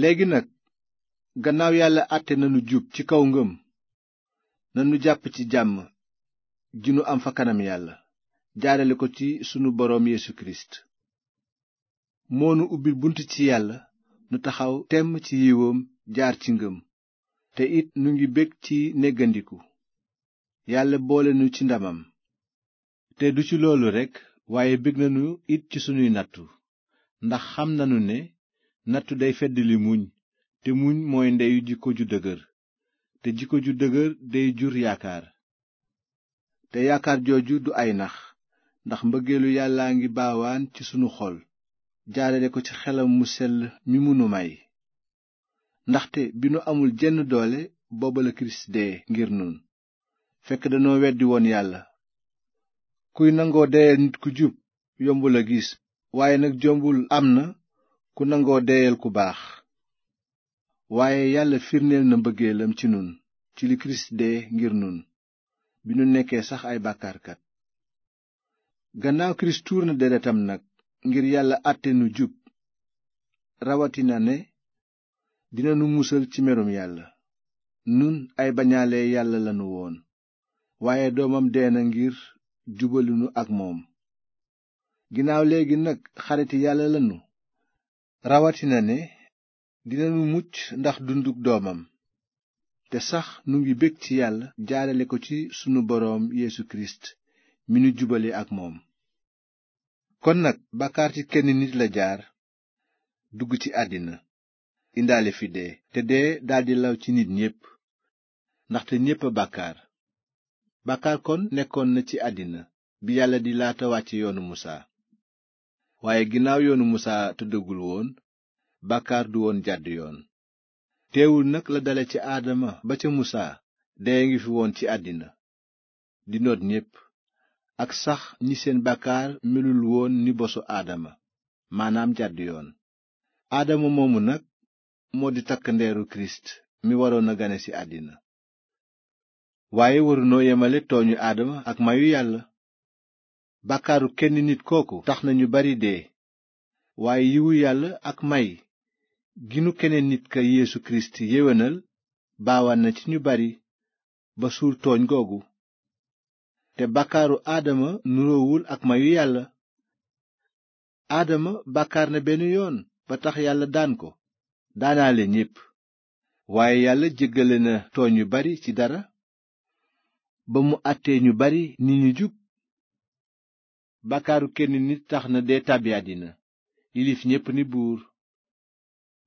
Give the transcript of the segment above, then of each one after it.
léegi nag gannaaw yàlla àtte nanu jub ci kaw ngëm nanu jàpp ci jàmm ji nu am fa kanam yàlla jaarale ko ci sunu boroom Yesu kirist moonu ubbil bunt ci yàlla nu taxaw temm ci yiwoom jaar ci ngëm te it nu ngi bég ci néggandiku yàlla boole nu ci ndamam te du ci loolu rekk waaye bég nanu it ci sunuy nattu ndax xam nanu ne nattu day feddali muñ te muñ mooy ndeyu jikko ju dëgër te jikko ju dëgër day jur yaakaar te yaakaar jooju du ay nax ndax mbëggeelu yàllaa ngi baawaan ci sunu xol jaarale ko ci xelam mu sell mi munu may ndaxte bi nu amul jenn doole booba la kirist dee ngir nun fekk danoo weddi woon yàlla kuy nangoo deyal nit ku jub yombul a gis waaye nag jombul am na ku nangoo deyal ku baax waaye yàlla firneel na mbëggeelam ci nun ci li kirist dee ngir nun bi nu nekkee sax ay bàkkaarkat gannaaw kirist tuur na deretam nag ngir yàlla àtte nu jub rawatina ne dina nu musal ci merum yàlla nun ay bañaale yàlla lanu woon waaye doomam dee na ngir jubalinu ak moom ginnaaw léegi nag xariti yàlla lanu rawatina ne dinanu mucc ndax dunduk doomam te sax nu ngi bég ci yàlla jaarale ko ci sunu boroom yeesu kirist mi nu jubale ak moom kon nag bàkkaar ci kenn nit la jaar dugg ci àddina indaale fi dee te dee daldi law ci nit ñépp ndaxte ñépp a bàkkaar kon nekkoon na ci àddina bi yàlla di laata wàcce yoonu musaa waaye ginnaaw yoonu musaa tëddagul woon bàkkaar du woon jàdd yoon teewul nag la dale ci aadama ba ca musaa dee ngi fi woon ci àddina di noot ñépp ak sax ñi seen bàkkaar melul woon ni bosu aadama maanaam jàdd yoon aadama moomu nag moo di takk ndeeru kirist mi waroon a gane ci àddina waaye warunoo yemale tooñu aadama ak mayu yàlla bàkkaaru kenn nit kooku tax na ñu bari dee waaye yiwu yàlla ak may ginu keneen nit ka yeesu kirist yéwénal baawaan na ci ñu bari ba suul tooñ googu te bàkkaaru aadama nuroowul ak mayu yàlla aadama bàkkaar na benn yoon ba tax yàlla daan ko daanaale ñépp waaye yàlla jéggale na tooñ yu bari ci dara ba mu àttee ñu bari ni ñu jub baakaaru kenn nit tax na dee tàbbi àddina yilif ñépp ni buur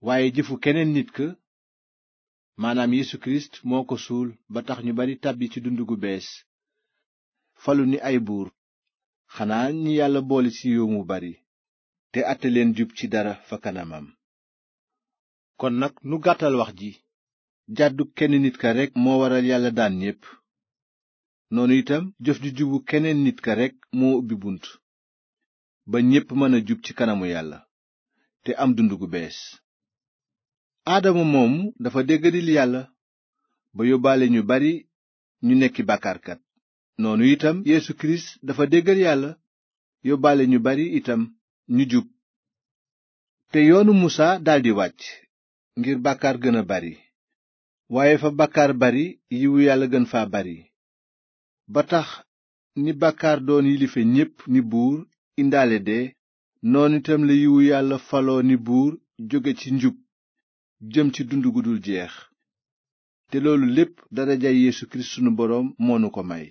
waaye jëfu keneen nit ka maanaam Yesu kirist moo ko suul ba tax ñu bari tàbbi ci dund gu bees falu ni ay buur xanaa ñi yàlla boole ci yow mu bari te àtte leen jub ci dara fa kanamam kon nag nu gàttal wax ji jàddu kenn nit ka rekk moo waral yàlla daan ñépp noonu itam jëf ju jubu keneen nit ka rekk moo ubbi bunt ba ñépp mën a jub ci kanamu yàlla te am dund gu bees aadama moomu dafa déggadil yàlla ba yóbbaale ñu bari ñu nekki bàkkaarkat noonu itam Yeesu kirist dafa déggal yàlla yóbbaale ñu bari itam ñu jub te yoonu musaa daldi wàcc ngir bàkkaar gën a bari waaye fa bàkkaar bari yiwu yàlla gën faa bari ba tax ni bàkkaar doon yilife ñépp ni buur indaale dee noonu itam la yiwu yàlla faloo ni buur jóge ci njub jëm ci dund gu dul jeex te loolu lépp darajay Yeesu Kirist sunu boroom moo nu ko may